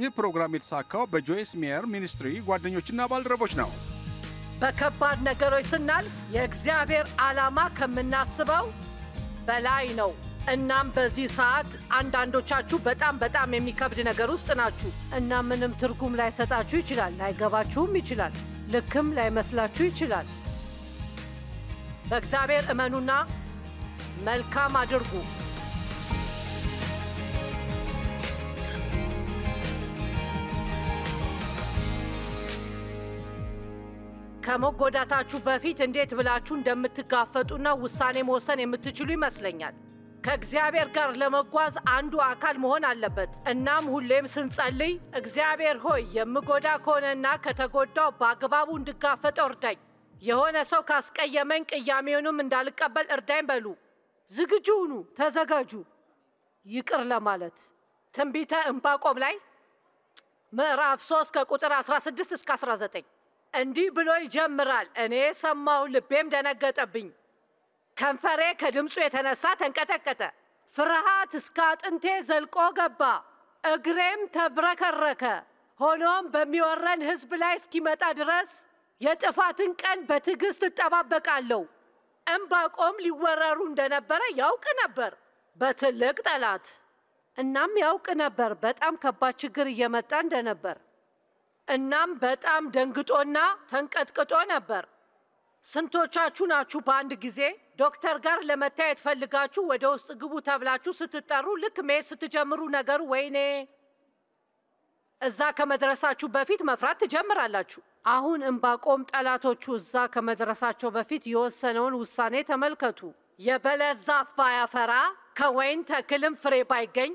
ይህ ፕሮግራም የተሳካው በጆይስ ሜየር ሚኒስትሪ ጓደኞችና ባልደረቦች ነው። በከባድ ነገሮች ስናልፍ የእግዚአብሔር ዓላማ ከምናስበው በላይ ነው። እናም በዚህ ሰዓት አንዳንዶቻችሁ በጣም በጣም የሚከብድ ነገር ውስጥ ናችሁ እና ምንም ትርጉም ላይሰጣችሁ ይችላል። ላይገባችሁም ይችላል። ልክም ላይመስላችሁ ይችላል። በእግዚአብሔር እመኑና መልካም አድርጉ። ከመጎዳታችሁ በፊት እንዴት ብላችሁ እንደምትጋፈጡና ውሳኔ መወሰን የምትችሉ ይመስለኛል። ከእግዚአብሔር ጋር ለመጓዝ አንዱ አካል መሆን አለበት። እናም ሁሌም ስንጸልይ እግዚአብሔር ሆይ የምጎዳ ከሆነና ከተጎዳው በአግባቡ እንድጋፈጠው እርዳኝ፣ የሆነ ሰው ካስቀየመኝ ቅያሜውንም እንዳልቀበል እርዳኝ በሉ። ዝግጁ ሁኑ፣ ተዘጋጁ ይቅር ለማለት ትንቢተ ዕንባቆም ላይ ምዕራፍ 3 ከቁጥር 16 እስከ 19 እንዲህ ብሎ ይጀምራል። እኔ ሰማሁ፣ ልቤም ደነገጠብኝ፣ ከንፈሬ ከድምፁ የተነሳ ተንቀጠቀጠ። ፍርሃት እስከ አጥንቴ ዘልቆ ገባ፣ እግሬም ተብረከረከ። ሆኖም በሚወረን ሕዝብ ላይ እስኪመጣ ድረስ የጥፋትን ቀን በትዕግሥት እጠባበቃለሁ። እምባቆም ሊወረሩ እንደነበረ ያውቅ ነበር በትልቅ ጠላት። እናም ያውቅ ነበር በጣም ከባድ ችግር እየመጣ እንደነበር። እናም በጣም ደንግጦና ተንቀጥቅጦ ነበር። ስንቶቻችሁ ናችሁ በአንድ ጊዜ ዶክተር ጋር ለመታየት ፈልጋችሁ ወደ ውስጥ ግቡ ተብላችሁ ስትጠሩ ልክ መሄድ ስትጀምሩ ነገሩ ወይኔ እዛ ከመድረሳችሁ በፊት መፍራት ትጀምራላችሁ። አሁን ዕንባቆም ጠላቶቹ እዛ ከመድረሳቸው በፊት የወሰነውን ውሳኔ ተመልከቱ። የበለስ ዛፍ ባያፈራ ከወይን ተክልም ፍሬ ባይገኝ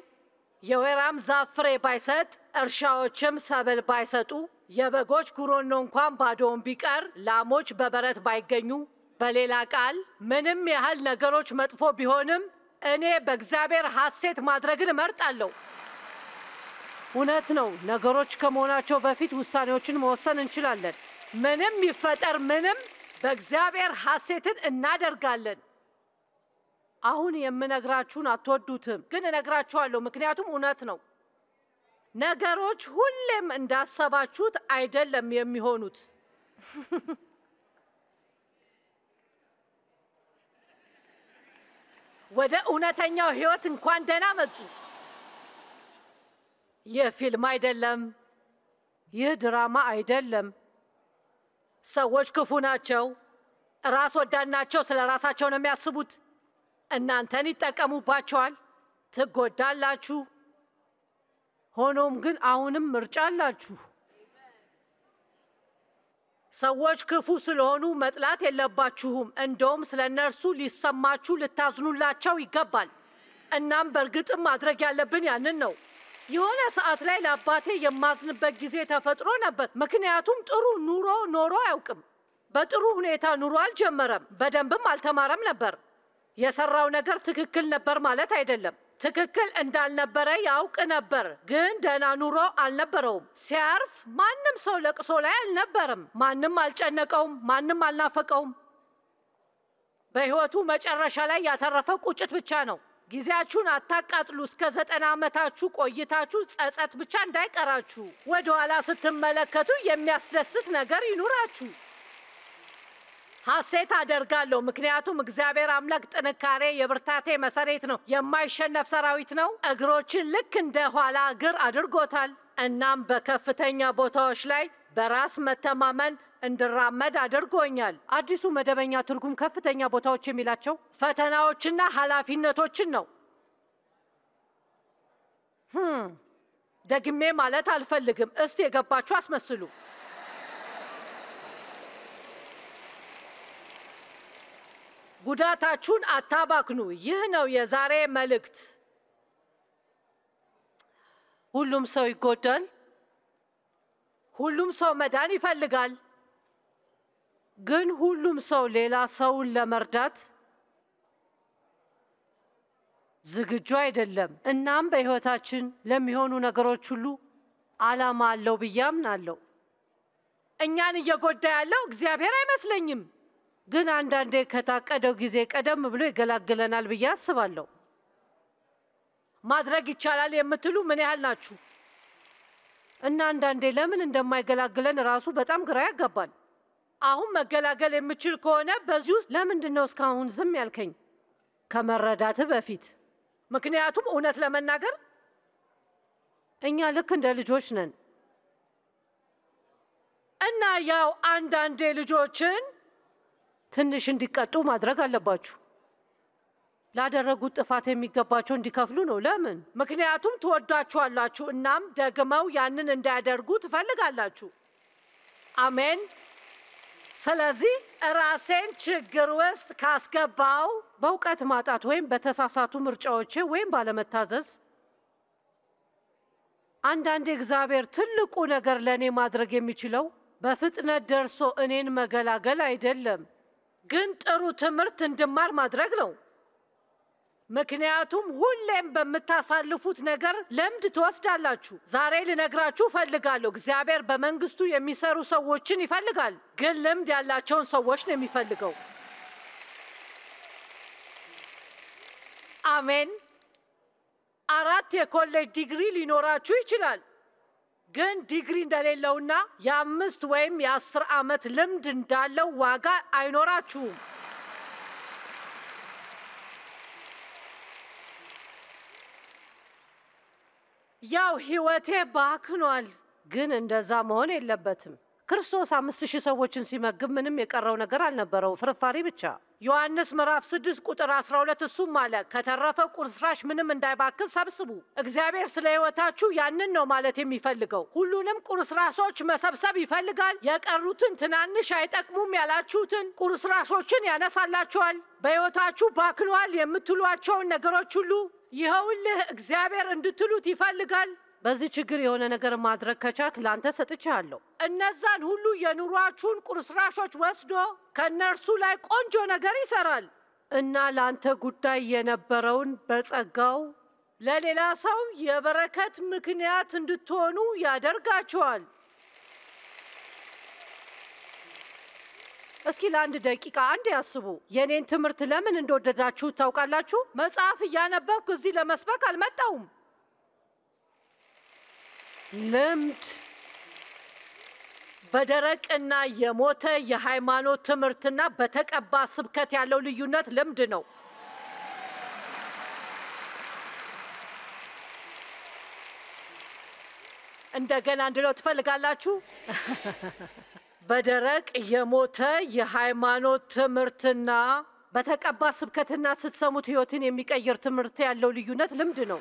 የወይራም ዛፍ ፍሬ ባይሰጥ እርሻዎችም ሰብል ባይሰጡ የበጎች ጉሮኖ እንኳን ባዶውን ቢቀር ላሞች በበረት ባይገኙ፣ በሌላ ቃል ምንም ያህል ነገሮች መጥፎ ቢሆንም እኔ በእግዚአብሔር ሐሴት ማድረግን እመርጣለሁ። እውነት ነው፣ ነገሮች ከመሆናቸው በፊት ውሳኔዎችን መወሰን እንችላለን። ምንም ይፈጠር ምንም፣ በእግዚአብሔር ሐሴትን እናደርጋለን። አሁን የምነግራችሁን አትወዱትም፣ ግን እነግራችኋለሁ፣ ምክንያቱም እውነት ነው። ነገሮች ሁሌም እንዳሰባችሁት አይደለም የሚሆኑት። ወደ እውነተኛው ህይወት እንኳን ደህና መጡ። ይህ ፊልም አይደለም። ይህ ድራማ አይደለም። ሰዎች ክፉ ናቸው፣ ራስ ወዳድ ናቸው። ስለ ራሳቸው ነው የሚያስቡት። እናንተን ይጠቀሙባቸዋል፣ ትጎዳላችሁ። ሆኖም ግን አሁንም ምርጫ አላችሁ። ሰዎች ክፉ ስለሆኑ መጥላት የለባችሁም። እንደውም ስለ እነርሱ ሊሰማችሁ፣ ልታዝኑላቸው ይገባል። እናም በእርግጥም ማድረግ ያለብን ያንን ነው። የሆነ ሰዓት ላይ ለአባቴ የማዝንበት ጊዜ ተፈጥሮ ነበር። ምክንያቱም ጥሩ ኑሮ ኖሮ አያውቅም። በጥሩ ሁኔታ ኑሮ አልጀመረም፣ በደንብም አልተማረም ነበር። የሰራው ነገር ትክክል ነበር ማለት አይደለም። ትክክል እንዳልነበረ ያውቅ ነበር፣ ግን ደህና ኑሮ አልነበረውም። ሲያርፍ ማንም ሰው ለቅሶ ላይ አልነበርም። ማንም አልጨነቀውም፣ ማንም አልናፈቀውም። በሕይወቱ መጨረሻ ላይ ያተረፈ ቁጭት ብቻ ነው። ጊዜያችሁን አታቃጥሉ። እስከ ዘጠና ዓመታችሁ ቆይታችሁ ጸጸት ብቻ እንዳይቀራችሁ። ወደኋላ ስትመለከቱ የሚያስደስት ነገር ይኑራችሁ። ሐሴት አደርጋለሁ፣ ምክንያቱም እግዚአብሔር አምላክ ጥንካሬ የብርታቴ መሰሬት ነው። የማይሸነፍ ሰራዊት ነው። እግሮችን ልክ እንደ ኋላ እግር አድርጎታል። እናም በከፍተኛ ቦታዎች ላይ በራስ መተማመን እንድራመድ አድርጎኛል። አዲሱ መደበኛ ትርጉም ከፍተኛ ቦታዎች የሚላቸው ፈተናዎችና ኃላፊነቶችን ነው። hm፣ ደግሜ ማለት አልፈልግም። እስቲ የገባችሁ አስመስሉ። ጉዳታችሁን አታባክኑ። ይህ ነው የዛሬ መልእክት። ሁሉም ሰው ይጎዳል። ሁሉም ሰው መዳን ይፈልጋል። ግን ሁሉም ሰው ሌላ ሰውን ለመርዳት ዝግጁ አይደለም። እናም በሕይወታችን ለሚሆኑ ነገሮች ሁሉ ዓላማ አለው ብዬ አምናለሁ። እኛን እየጎዳ ያለው እግዚአብሔር አይመስለኝም። ግን አንዳንዴ ከታቀደው ጊዜ ቀደም ብሎ ይገላግለናል ብዬ አስባለሁ። ማድረግ ይቻላል የምትሉ ምን ያህል ናችሁ? እና አንዳንዴ ለምን እንደማይገላግለን ራሱ በጣም ግራ ያጋባል። አሁን መገላገል የምችል ከሆነ በዚህ ውስጥ ለምንድን ነው እስካሁን ዝም ያልከኝ? ከመረዳትህ በፊት ምክንያቱም እውነት ለመናገር እኛ ልክ እንደ ልጆች ነን እና ያው አንዳንዴ ልጆችን ትንሽ እንዲቀጡ ማድረግ አለባችሁ። ላደረጉት ጥፋት የሚገባቸው እንዲከፍሉ ነው። ለምን? ምክንያቱም ትወዷችኋላችሁ፣ እናም ደግመው ያንን እንዳያደርጉ ትፈልጋላችሁ። አሜን። ስለዚህ ራሴን ችግር ውስጥ ካስገባው በእውቀት ማጣት ወይም በተሳሳቱ ምርጫዎቼ ወይም ባለመታዘዝ አንዳንዴ እግዚአብሔር ትልቁ ነገር ለእኔ ማድረግ የሚችለው በፍጥነት ደርሶ እኔን መገላገል አይደለም ግን ጥሩ ትምህርት እንድማር ማድረግ ነው። ምክንያቱም ሁሌም በምታሳልፉት ነገር ልምድ ትወስዳላችሁ። ዛሬ ልነግራችሁ እፈልጋለሁ፣ እግዚአብሔር በመንግስቱ የሚሰሩ ሰዎችን ይፈልጋል፣ ግን ልምድ ያላቸውን ሰዎች ነው የሚፈልገው። አሜን። አራት የኮሌጅ ዲግሪ ሊኖራችሁ ይችላል፣ ግን ዲግሪ እንደሌለውና የአምስት ወይም የአስር ዓመት ልምድ እንዳለው ዋጋ አይኖራችሁም። ያው ሕይወቴ ባክኗል፣ ግን እንደዛ መሆን የለበትም። ክርስቶስ አምስት ሺህ ሰዎችን ሲመግብ ምንም የቀረው ነገር አልነበረው፣ ፍርፋሪ ብቻ። ዮሐንስ ምዕራፍ 6 ቁጥር 12 እሱም አለ ከተረፈ ቁርስራሽ ምንም እንዳይባክን ሰብስቡ። እግዚአብሔር ስለ ህይወታችሁ ያንን ነው ማለት የሚፈልገው። ሁሉንም ቁርስራሾች መሰብሰብ ይፈልጋል። የቀሩትን ትናንሽ አይጠቅሙም ያላችሁትን ቁርስራሾችን ያነሳላችኋል። በሕይወታችሁ ባክኗል የምትሏቸውን ነገሮች ሁሉ ይኸውልህ እግዚአብሔር እንድትሉት ይፈልጋል። በዚህ ችግር የሆነ ነገር ማድረግ ከቻክ ላንተ ሰጥቼሃለሁ። እነዛን ሁሉ የኑሯችሁን ቁርስራሾች ወስዶ ከእነርሱ ላይ ቆንጆ ነገር ይሰራል እና ላንተ ጉዳይ የነበረውን በጸጋው ለሌላ ሰው የበረከት ምክንያት እንድትሆኑ ያደርጋቸዋል። እስኪ ለአንድ ደቂቃ አንድ ያስቡ። የእኔን ትምህርት ለምን እንደወደዳችሁ ታውቃላችሁ? መጽሐፍ እያነበብኩ እዚህ ለመስበክ አልመጣውም። ልምድ በደረቅና የሞተ የሃይማኖት ትምህርትና በተቀባ ስብከት ያለው ልዩነት ልምድ ነው። እንደገና እንድለው ትፈልጋላችሁ? በደረቅ የሞተ የሃይማኖት ትምህርትና በተቀባ ስብከትና ስትሰሙት ህይወትን የሚቀይር ትምህርት ያለው ልዩነት ልምድ ነው።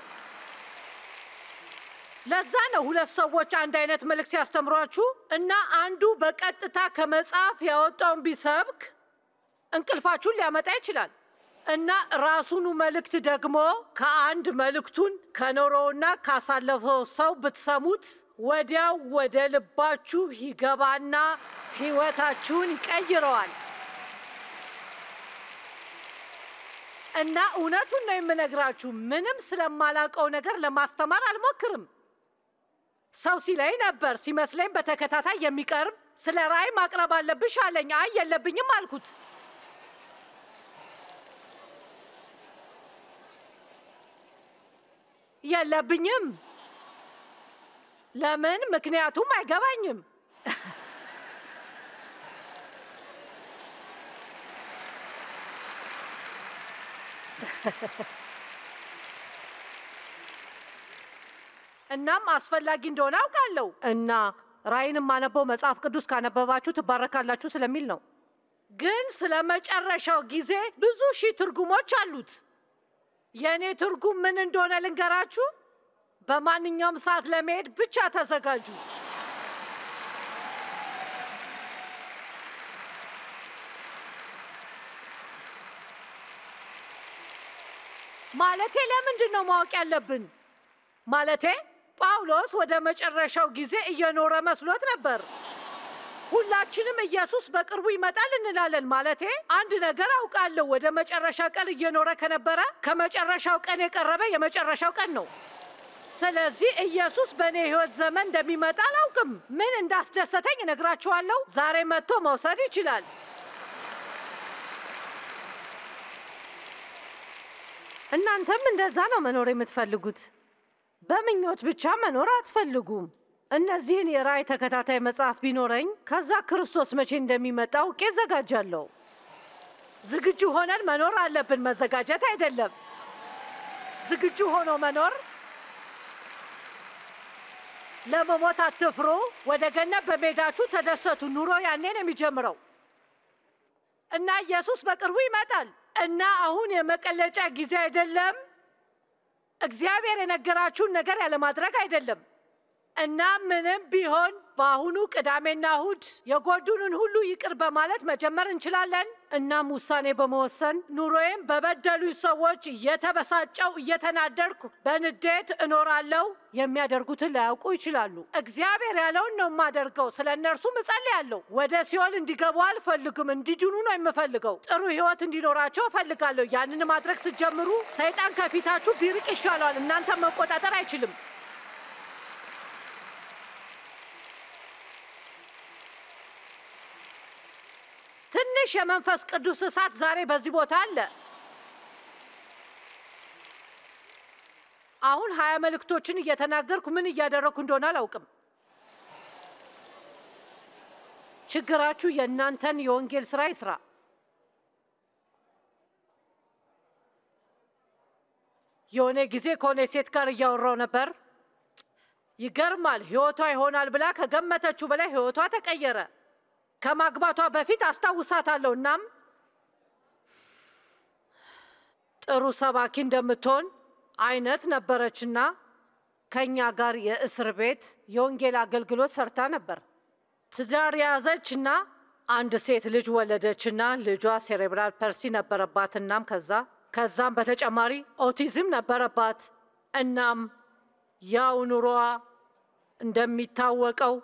ለዛ ነው ሁለት ሰዎች አንድ አይነት መልእክት ሲያስተምሯችሁ እና አንዱ በቀጥታ ከመጽሐፍ ያወጣውን ቢሰብክ እንቅልፋችሁን ሊያመጣ ይችላል። እና ራሱኑ መልእክት ደግሞ ከአንድ መልእክቱን ከኖረውና ካሳለፈው ሰው ብትሰሙት ወዲያው ወደ ልባችሁ ይገባና ህይወታችሁን ይቀይረዋል። እና እውነቱን ነው የምነግራችሁ። ምንም ስለማላውቀው ነገር ለማስተማር አልሞክርም። ሰው ሲላይ ነበር ሲመስለኝ በተከታታይ የሚቀርብ ስለ ራይ ማቅረብ አለብሽ አለኝ። አይ የለብኝም አልኩት። የለብኝም። ለምን? ምክንያቱም አይገባኝም። እናም አስፈላጊ እንደሆነ አውቃለሁ እና ራይን የማነበው መጽሐፍ ቅዱስ ካነበባችሁ ትባረካላችሁ ስለሚል ነው። ግን ስለ መጨረሻው ጊዜ ብዙ ሺህ ትርጉሞች አሉት። የእኔ ትርጉም ምን እንደሆነ ልንገራችሁ። በማንኛውም ሰዓት ለመሄድ ብቻ ተዘጋጁ። ማለቴ ለምንድን ነው ማወቅ ያለብን? ማለቴ ጳውሎስ ወደ መጨረሻው ጊዜ እየኖረ መስሎት ነበር። ሁላችንም ኢየሱስ በቅርቡ ይመጣል እንላለን። ማለቴ አንድ ነገር አውቃለሁ፣ ወደ መጨረሻ ቀን እየኖረ ከነበረ ከመጨረሻው ቀን የቀረበ የመጨረሻው ቀን ነው። ስለዚህ ኢየሱስ በእኔ ሕይወት ዘመን እንደሚመጣ አላውቅም። ምን እንዳስደሰተኝ እነግራችኋለሁ። ዛሬ መጥቶ መውሰድ ይችላል። እናንተም እንደዛ ነው መኖር የምትፈልጉት? በምኞት ብቻ መኖር አትፈልጉም። እነዚህን የራእይ ተከታታይ መጽሐፍ ቢኖረኝ ከዛ ክርስቶስ መቼ እንደሚመጣ አውቄ እዘጋጃለሁ። ዝግጁ ሆነን መኖር አለብን፣ መዘጋጀት አይደለም። ዝግጁ ሆኖ መኖር። ለመሞት አትፍሩ፣ ወደ ገነት በሜዳቹ ተደሰቱ። ኑሮ ያኔ ነው የሚጀምረው እና ኢየሱስ በቅርቡ ይመጣል እና አሁን የመቀለጫ ጊዜ አይደለም። እግዚአብሔር የነገራችሁን ነገር ያለማድረግ አይደለም። እና ምንም ቢሆን በአሁኑ ቅዳሜና እሁድ የጎዱንን ሁሉ ይቅር በማለት መጀመር እንችላለን። እናም ውሳኔ በመወሰን ኑሮዬም በበደሉ ሰዎች እየተበሳጨው እየተናደርኩ በንዴት እኖራለሁ። የሚያደርጉትን ላያውቁ ይችላሉ። እግዚአብሔር ያለውን ነው የማደርገው። ስለ እነርሱም እጸልያለሁ። ወደ ሲኦል እንዲገቡ አልፈልግም፣ እንዲድኑ ነው የምፈልገው። ጥሩ ሕይወት እንዲኖራቸው እፈልጋለሁ። ያንን ማድረግ ስትጀምሩ ሰይጣን ከፊታችሁ ቢርቅ ይሻለዋል። እናንተ መቆጣጠር አይችልም። ትንሽ የመንፈስ ቅዱስ እሳት ዛሬ በዚህ ቦታ አለ። አሁን ሀያ መልእክቶችን እየተናገርኩ ምን እያደረግኩ እንደሆነ አላውቅም። ችግራችሁ የእናንተን የወንጌል ስራ ይስራ። የሆነ ጊዜ ከሆነ ሴት ጋር እያወራው ነበር። ይገርማል፣ ህይወቷ ይሆናል ብላ ከገመተችው በላይ ህይወቷ ተቀየረ። ከማግባቷ በፊት አስታውሳታለሁ። እናም ጥሩ ሰባኪ እንደምትሆን አይነት ነበረችና ከእኛ ጋር የእስር ቤት የወንጌል አገልግሎት ሰርታ ነበር። ትዳር ያዘችና አንድ ሴት ልጅ ወለደችና ልጇ ሴሬብራል ፐርሲ ነበረባት። እናም ከዛ ከዛም በተጨማሪ ኦቲዝም ነበረባት። እናም ያው ኑሮዋ እንደሚታወቀው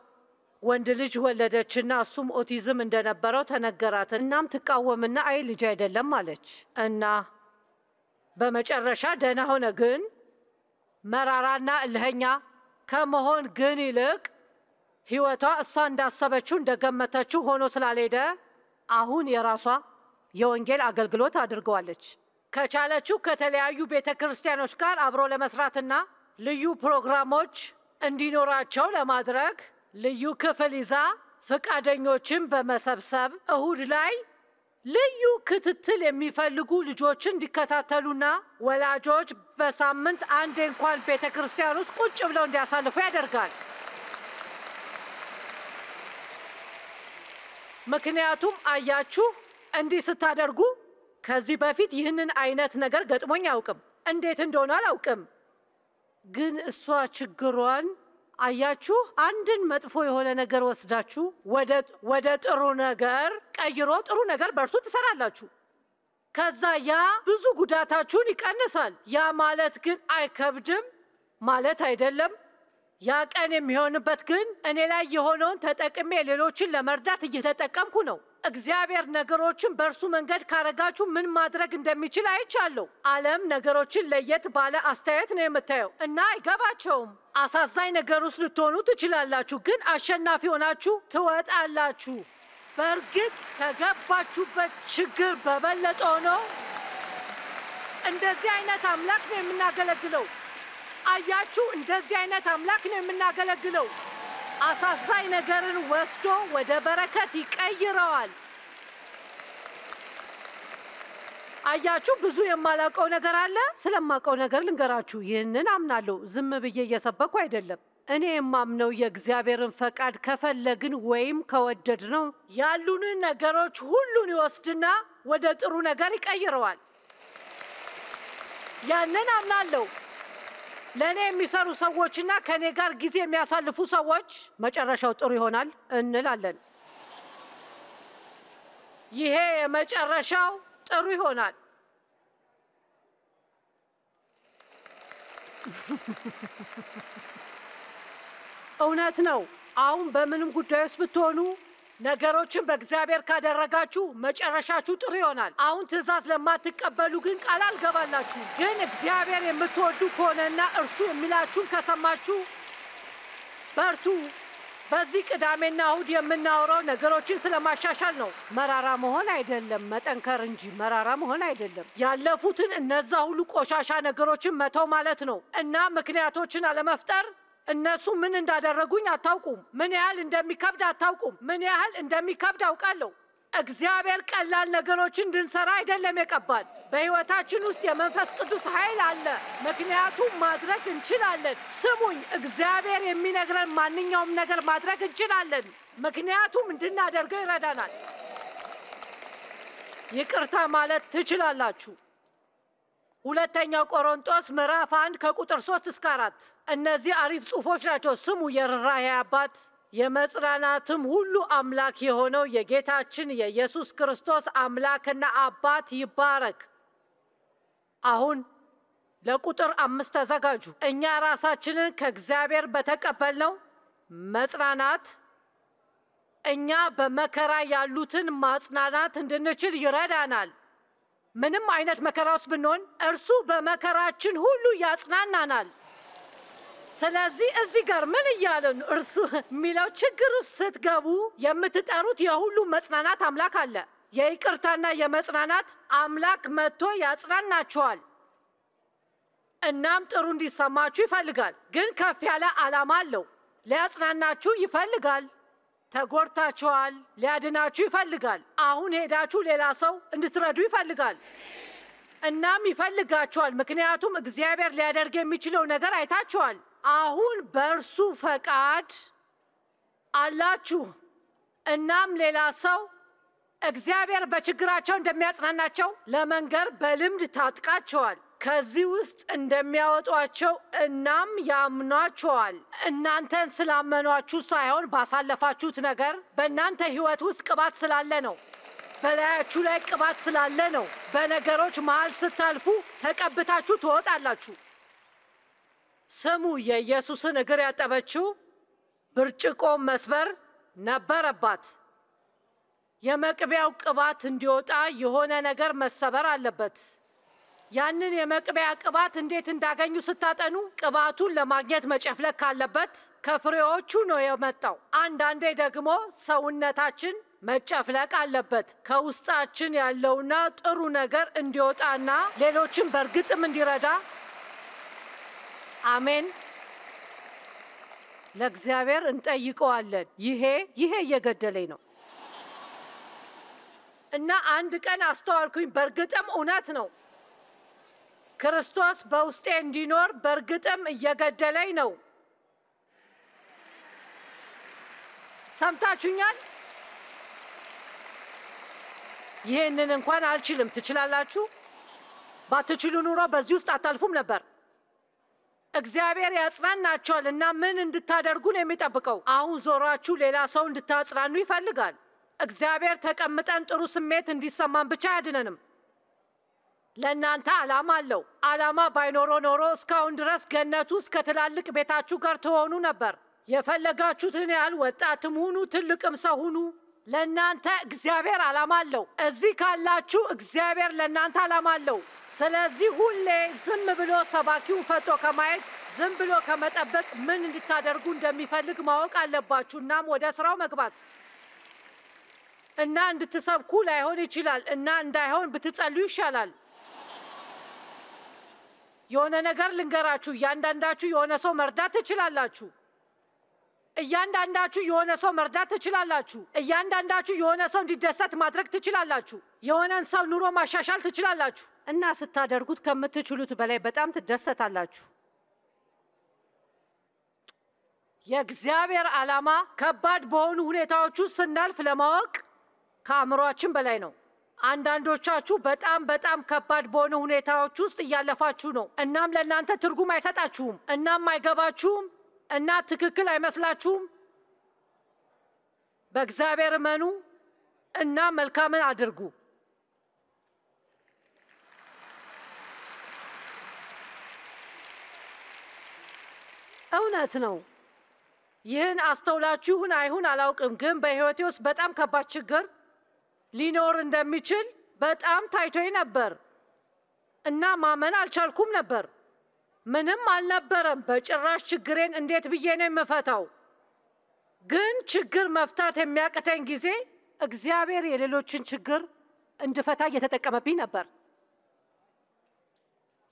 ወንድ ልጅ ወለደችና እሱም ኦቲዝም እንደነበረው ተነገራት። እናም ትቃወምና አይ ልጅ አይደለም አለች እና በመጨረሻ ደህና ሆነ። ግን መራራና እልኸኛ ከመሆን ግን ይልቅ ህይወቷ እሷ እንዳሰበችው እንደገመተችው ሆኖ ስላልሄደ አሁን የራሷ የወንጌል አገልግሎት አድርገዋለች። ከቻለችው ከተለያዩ ቤተ ክርስቲያኖች ጋር አብሮ ለመስራትና ልዩ ፕሮግራሞች እንዲኖራቸው ለማድረግ ልዩ ክፍል ይዛ ፈቃደኞችን በመሰብሰብ እሁድ ላይ ልዩ ክትትል የሚፈልጉ ልጆችን እንዲከታተሉና ወላጆች በሳምንት አንዴ እንኳን ቤተ ክርስቲያን ውስጥ ቁጭ ብለው እንዲያሳልፉ ያደርጋል። ምክንያቱም አያችሁ፣ እንዲህ ስታደርጉ ከዚህ በፊት ይህንን አይነት ነገር ገጥሞኝ አያውቅም። እንዴት እንደሆነ አላውቅም፣ ግን እሷ ችግሯን አያችሁ፣ አንድን መጥፎ የሆነ ነገር ወስዳችሁ ወደ ጥሩ ነገር ቀይሮ ጥሩ ነገር በእርሱ ትሰራላችሁ። ከዛ ያ ብዙ ጉዳታችሁን ይቀንሳል። ያ ማለት ግን አይከብድም ማለት አይደለም። ያ ቀን የሚሆንበት ግን እኔ ላይ የሆነውን ተጠቅሜ ሌሎችን ለመርዳት እየተጠቀምኩ ነው። እግዚአብሔር ነገሮችን በእርሱ መንገድ ካረጋችሁ ምን ማድረግ እንደሚችል አይቻለሁ። ዓለም ነገሮችን ለየት ባለ አስተያየት ነው የምታየው እና አይገባቸውም። አሳዛኝ ነገር ውስጥ ልትሆኑ ትችላላችሁ፣ ግን አሸናፊ ሆናችሁ ትወጣላችሁ። በእርግጥ ከገባችሁበት ችግር በበለጠ ሆኖ እንደዚህ አይነት አምላክ ነው የምናገለግለው። አያችሁ፣ እንደዚህ አይነት አምላክ ነው የምናገለግለው። አሳዛኝ ነገርን ወስዶ ወደ በረከት ይቀይረዋል። አያችሁ፣ ብዙ የማላውቀው ነገር አለ። ስለማውቀው ነገር ልንገራችሁ። ይህንን አምናለሁ። ዝም ብዬ እየሰበኩ አይደለም። እኔ የማምነው የእግዚአብሔርን ፈቃድ ከፈለግን ወይም ከወደድ ነው ያሉንን ነገሮች ሁሉን ይወስድና ወደ ጥሩ ነገር ይቀይረዋል። ያንን አምናለሁ። ለእኔ የሚሰሩ ሰዎችና ከእኔ ጋር ጊዜ የሚያሳልፉ ሰዎች መጨረሻው ጥሩ ይሆናል እንላለን። ይሄ የመጨረሻው ጥሩ ይሆናል። እውነት ነው። አሁን በምንም ጉዳይ ውስጥ ብትሆኑ ነገሮችን በእግዚአብሔር ካደረጋችሁ መጨረሻችሁ ጥሩ ይሆናል። አሁን ትእዛዝ ለማትቀበሉ ግን ቃል አልገባላችሁ። ግን እግዚአብሔር የምትወዱ ከሆነና እርሱ የሚላችሁን ከሰማችሁ በርቱ። በዚህ ቅዳሜና እሁድ የምናወራው ነገሮችን ስለማሻሻል ነው። መራራ መሆን አይደለም፣ መጠንከር እንጂ መራራ መሆን አይደለም። ያለፉትን እነዛ ሁሉ ቆሻሻ ነገሮችን መተው ማለት ነው እና ምክንያቶችን አለመፍጠር እነሱ ምን እንዳደረጉኝ አታውቁም። ምን ያህል እንደሚከብድ አታውቁም። ምን ያህል እንደሚከብድ አውቃለሁ። እግዚአብሔር ቀላል ነገሮችን እንድንሰራ አይደለም የቀባል። በሕይወታችን ውስጥ የመንፈስ ቅዱስ ኃይል አለ፣ ምክንያቱም ማድረግ እንችላለን። ስሙኝ፣ እግዚአብሔር የሚነግረን ማንኛውም ነገር ማድረግ እንችላለን፣ ምክንያቱም እንድናደርገው ይረዳናል። ይቅርታ ማለት ትችላላችሁ። ሁለተኛ ቆሮንጦስ ምዕራፍ አንድ ከቁጥር ሶስት እስከ አራት እነዚህ አሪፍ ጽሑፎች ናቸው። ስሙ የርኅራኄ አባት የመጽናናትም ሁሉ አምላክ የሆነው የጌታችን የኢየሱስ ክርስቶስ አምላክና አባት ይባረክ። አሁን ለቁጥር አምስት ተዘጋጁ። እኛ ራሳችንን ከእግዚአብሔር በተቀበልነው መጽናናት እኛ በመከራ ያሉትን ማጽናናት እንድንችል ይረዳናል። ምንም አይነት መከራ ውስጥ ብንሆን እርሱ በመከራችን ሁሉ ያጽናናናል። ስለዚህ እዚህ ጋር ምን እያለ ነው? እርሱ የሚለው ችግር ውስጥ ስትገቡ የምትጠሩት የሁሉ መጽናናት አምላክ አለ። የይቅርታና የመጽናናት አምላክ መጥቶ ያጽናናችኋል። እናም ጥሩ እንዲሰማችሁ ይፈልጋል። ግን ከፍ ያለ ዓላማ አለው። ሊያጽናናችሁ ይፈልጋል። ተጎድታችኋል፣ ሊያድናችሁ ይፈልጋል። አሁን ሄዳችሁ ሌላ ሰው እንድትረዱ ይፈልጋል። እናም ይፈልጋችኋል፣ ምክንያቱም እግዚአብሔር ሊያደርግ የሚችለው ነገር አይታችኋል። አሁን በእርሱ ፈቃድ አላችሁ። እናም ሌላ ሰው እግዚአብሔር በችግራቸው እንደሚያጽናናቸው ለመንገር በልምድ ታጥቃቸዋል። ከዚህ ውስጥ እንደሚያወጧቸው እናም ያምኗቸዋል። እናንተን ስላመኗችሁ ሳይሆን ባሳለፋችሁት ነገር በእናንተ ሕይወት ውስጥ ቅባት ስላለ ነው። በላያችሁ ላይ ቅባት ስላለ ነው። በነገሮች መሃል ስታልፉ ተቀብታችሁ ትወጣላችሁ። ስሙ፣ የኢየሱስን እግር ያጠበችው ብርጭቆ መስበር ነበረባት። የመቅቢያው ቅባት እንዲወጣ የሆነ ነገር መሰበር አለበት። ያንን የመቅቢያ ቅባት እንዴት እንዳገኙ ስታጠኑ ቅባቱን ለማግኘት መጨፍለቅ ካለበት ከፍሬዎቹ ነው የመጣው። አንዳንዴ ደግሞ ሰውነታችን መጨፍለቅ አለበት ከውስጣችን ያለውና ጥሩ ነገር እንዲወጣና ሌሎችን በእርግጥም እንዲረዳ። አሜን። ለእግዚአብሔር እንጠይቀዋለን። ይሄ ይሄ እየገደለኝ ነው እና አንድ ቀን አስተዋልኩኝ፣ በእርግጥም እውነት ነው። ክርስቶስ በውስጤ እንዲኖር በእርግጥም እየገደለኝ ነው። ሰምታችሁኛል? ይህንን እንኳን አልችልም። ትችላላችሁ። ባትችሉ ኑሮ በዚህ ውስጥ አታልፉም ነበር። እግዚአብሔር ያጽናናቸዋል እና ምን እንድታደርጉ ነው የሚጠብቀው? አሁን ዞሯችሁ ሌላ ሰው እንድታጽናኑ ይፈልጋል። እግዚአብሔር ተቀምጠን ጥሩ ስሜት እንዲሰማን ብቻ አያድነንም። ለእናንተ ዓላማ አለው። ዓላማ ባይኖሮ ኖሮ እስካሁን ድረስ ገነቱ እስከ ትላልቅ ቤታችሁ ጋር ትሆኑ ነበር። የፈለጋችሁትን ያህል ወጣትም ሁኑ ትልቅም ሰው ሁኑ፣ ለእናንተ እግዚአብሔር ዓላማ አለው። እዚህ ካላችሁ እግዚአብሔር ለእናንተ ዓላማ አለው። ስለዚህ ሁሌ ዝም ብሎ ሰባኪውን ፈጦ ከማየት ዝም ብሎ ከመጠበቅ ምን እንድታደርጉ እንደሚፈልግ ማወቅ አለባችሁ። እናም ወደ ስራው መግባት እና እንድትሰብኩ ላይሆን ይችላል እና እንዳይሆን ብትጸልዩ ይሻላል። የሆነ ነገር ልንገራችሁ። እያንዳንዳችሁ የሆነ ሰው መርዳት ትችላላችሁ። እያንዳንዳችሁ የሆነ ሰው መርዳት ትችላላችሁ። እያንዳንዳችሁ የሆነ ሰው እንዲደሰት ማድረግ ትችላላችሁ። የሆነን ሰው ኑሮ ማሻሻል ትችላላችሁ እና ስታደርጉት ከምትችሉት በላይ በጣም ትደሰታላችሁ። የእግዚአብሔር ዓላማ ከባድ በሆኑ ሁኔታዎች ውስጥ ስናልፍ ለማወቅ ከአእምሯችን በላይ ነው። አንዳንዶቻችሁ በጣም በጣም ከባድ በሆነ ሁኔታዎች ውስጥ እያለፋችሁ ነው። እናም ለእናንተ ትርጉም አይሰጣችሁም፣ እናም አይገባችሁም እና ትክክል አይመስላችሁም። በእግዚአብሔር እመኑ እና መልካምን አድርጉ። እውነት ነው። ይህን አስተውላችሁን አይሁን አላውቅም፣ ግን በሕይወቴ ውስጥ በጣም ከባድ ችግር ሊኖር እንደሚችል በጣም ታይቶኝ ነበር እና ማመን አልቻልኩም ነበር። ምንም አልነበረም በጭራሽ። ችግሬን እንዴት ብዬ ነው የምፈታው? ግን ችግር መፍታት የሚያቅተኝ ጊዜ እግዚአብሔር የሌሎችን ችግር እንድፈታ እየተጠቀመብኝ ነበር።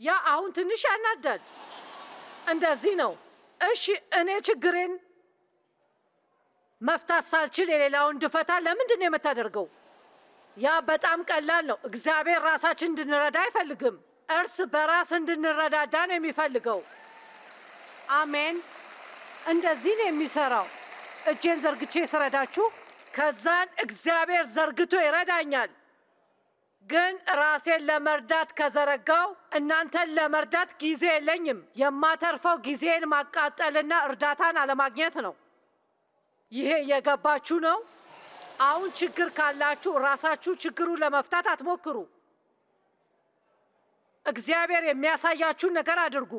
ያ አሁን ትንሽ ያናዳል። እንደዚህ ነው። እሺ እኔ ችግሬን መፍታት ሳልችል የሌላውን እንድፈታ ለምንድን ነው የምታደርገው? ያ በጣም ቀላል ነው። እግዚአብሔር ራሳችን እንድንረዳ አይፈልግም፣ እርስ በራስ እንድንረዳዳ ነው የሚፈልገው። አሜን። እንደዚህ ነው የሚሰራው። እጄን ዘርግቼ ስረዳችሁ፣ ከዛን እግዚአብሔር ዘርግቶ ይረዳኛል። ግን ራሴን ለመርዳት ከዘረጋው እናንተን ለመርዳት ጊዜ የለኝም። የማተርፈው ጊዜን ማቃጠልና እርዳታን አለማግኘት ነው። ይሄ እየገባችሁ ነው? አሁን ችግር ካላችሁ ራሳችሁ ችግሩን ለመፍታት አትሞክሩ። እግዚአብሔር የሚያሳያችሁን ነገር አድርጉ፣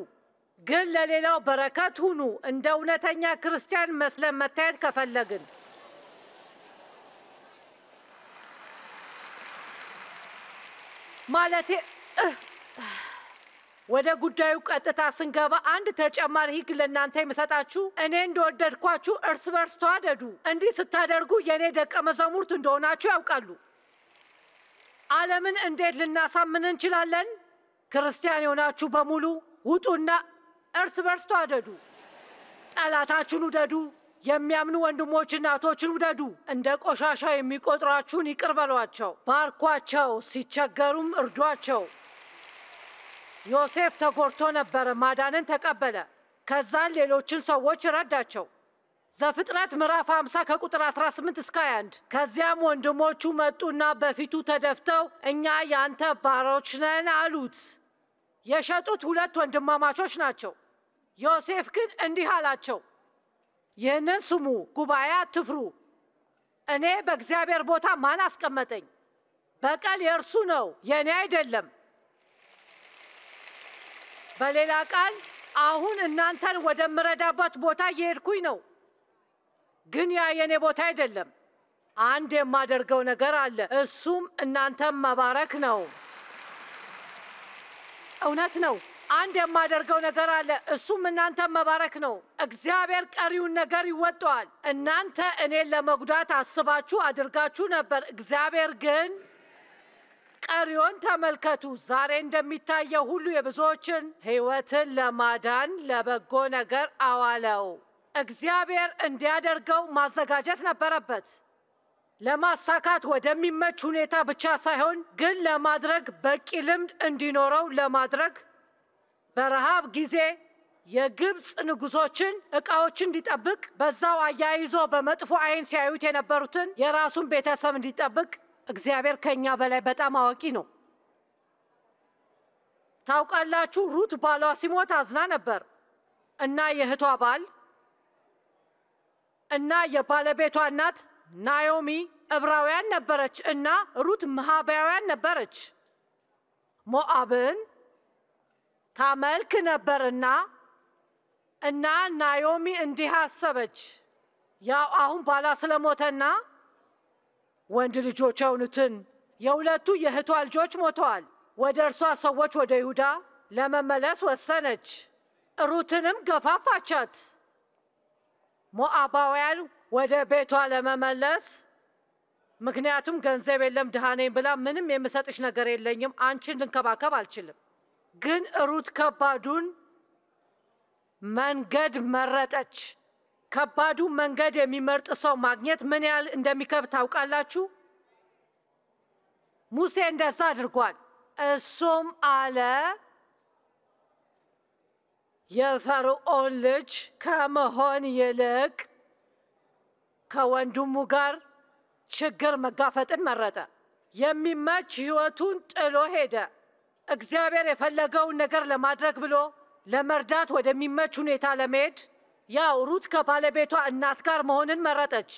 ግን ለሌላው በረከት ሁኑ። እንደ እውነተኛ ክርስቲያን መስለን መታየት ከፈለግን ማለቴ ወደ ጉዳዩ ቀጥታ ስንገባ አንድ ተጨማሪ ህግ ለእናንተ የምሰጣችሁ እኔ እንደወደድኳችሁ እርስ በርስ ተዋደዱ። እንዲህ ስታደርጉ የእኔ ደቀ መዛሙርት እንደሆናችሁ ያውቃሉ። ዓለምን እንዴት ልናሳምን እንችላለን? ክርስቲያን የሆናችሁ በሙሉ ውጡና እርስ በርስ ተዋደዱ። ጠላታችሁን ውደዱ። የሚያምኑ ወንድሞች እናቶችን ውደዱ። እንደ ቆሻሻ የሚቆጥሯችሁን ይቅር በሏቸው፣ ባርኳቸው፣ ሲቸገሩም እርዷቸው። ዮሴፍ ተጎድቶ ነበረ፣ ማዳንን ተቀበለ። ከዛን ሌሎችን ሰዎች ረዳቸው። ዘፍጥረት ምዕራፍ 50 ከቁጥር 18 እስከ 21። ከዚያም ወንድሞቹ መጡና በፊቱ ተደፍተው እኛ ያንተ ባሮች ነን አሉት። የሸጡት ሁለት ወንድማማቾች ናቸው። ዮሴፍ ግን እንዲህ አላቸው፣ ይህንን ስሙ ጉባኤ አትፍሩ። እኔ በእግዚአብሔር ቦታ ማን አስቀመጠኝ? በቀል የእርሱ ነው፣ የእኔ አይደለም። በሌላ ቃል አሁን እናንተን ወደምረዳበት ቦታ እየሄድኩኝ ነው፣ ግን ያ የእኔ ቦታ አይደለም። አንድ የማደርገው ነገር አለ። እሱም እናንተን መባረክ ነው። እውነት ነው። አንድ የማደርገው ነገር አለ። እሱም እናንተን መባረክ ነው። እግዚአብሔር ቀሪውን ነገር ይወጣዋል። እናንተ እኔን ለመጉዳት አስባችሁ አድርጋችሁ ነበር። እግዚአብሔር ግን ቀሪውን ተመልከቱ። ዛሬ እንደሚታየው ሁሉ የብዙዎችን ሕይወትን ለማዳን ለበጎ ነገር አዋለው። እግዚአብሔር እንዲያደርገው ማዘጋጀት ነበረበት። ለማሳካት ወደሚመች ሁኔታ ብቻ ሳይሆን ግን ለማድረግ በቂ ልምድ እንዲኖረው ለማድረግ በረሃብ ጊዜ የግብፅ ንጉሶችን እቃዎች እንዲጠብቅ፣ በዛው አያይዞ በመጥፎ ዓይን ሲያዩት የነበሩትን የራሱን ቤተሰብ እንዲጠብቅ እግዚአብሔር ከእኛ በላይ በጣም አዋቂ ነው። ታውቃላችሁ፣ ሩት ባሏ ሲሞት አዝና ነበር እና የእህቷ ባል እና የባለቤቷ እናት ናዮሚ ዕብራውያን ነበረች እና ሩት መሃባውያን ነበረች። ሞአብን ታመልክ ነበርና እና ናዮሚ እንዲህ አሰበች ያው አሁን ባሏ ስለሞተና ወንድ ልጆች የሆኑትን የሁለቱ የእህቷ ልጆች ሞተዋል። ወደ እርሷ ሰዎች ወደ ይሁዳ ለመመለስ ወሰነች። ሩትንም ገፋፋቻት። ሞአባውያን ወደ ቤቷ ለመመለስ ምክንያቱም ገንዘብ የለም ድሃ ነኝ ብላ ምንም የምሰጥሽ ነገር የለኝም፣ አንቺን ልንከባከብ አልችልም። ግን ሩት ከባዱን መንገድ መረጠች። ከባዱ መንገድ የሚመርጥ ሰው ማግኘት ምን ያህል እንደሚከብ ታውቃላችሁ? ሙሴ እንደዛ አድርጓል። እሱም አለ የፈርዖን ልጅ ከመሆን ይልቅ ከወንድሙ ጋር ችግር መጋፈጥን መረጠ። የሚመች ሕይወቱን ጥሎ ሄደ። እግዚአብሔር የፈለገውን ነገር ለማድረግ ብሎ ለመርዳት ወደሚመች ሁኔታ ለመሄድ ያው ሩት ከባለቤቷ እናት ጋር መሆንን መረጠች።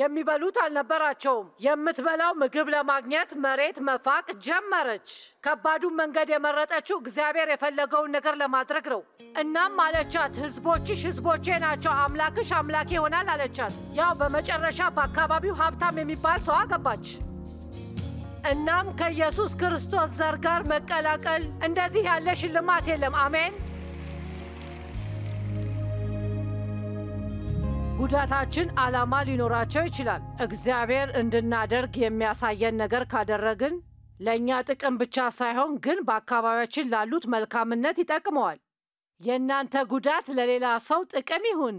የሚበሉት አልነበራቸውም። የምትበላው ምግብ ለማግኘት መሬት መፋቅ ጀመረች። ከባዱን መንገድ የመረጠችው እግዚአብሔር የፈለገውን ነገር ለማድረግ ነው። እናም አለቻት፣ ህዝቦችሽ ህዝቦቼ ናቸው፣ አምላክሽ አምላኬ ይሆናል አለቻት። ያው በመጨረሻ በአካባቢው ሀብታም የሚባል ሰው አገባች። እናም ከኢየሱስ ክርስቶስ ዘር ጋር መቀላቀል እንደዚህ ያለ ሽልማት የለም። አሜን። ጉዳታችን ዓላማ ሊኖራቸው ይችላል። እግዚአብሔር እንድናደርግ የሚያሳየን ነገር ካደረግን ለእኛ ጥቅም ብቻ ሳይሆን ግን በአካባቢያችን ላሉት መልካምነት ይጠቅመዋል። የእናንተ ጉዳት ለሌላ ሰው ጥቅም ይሁን።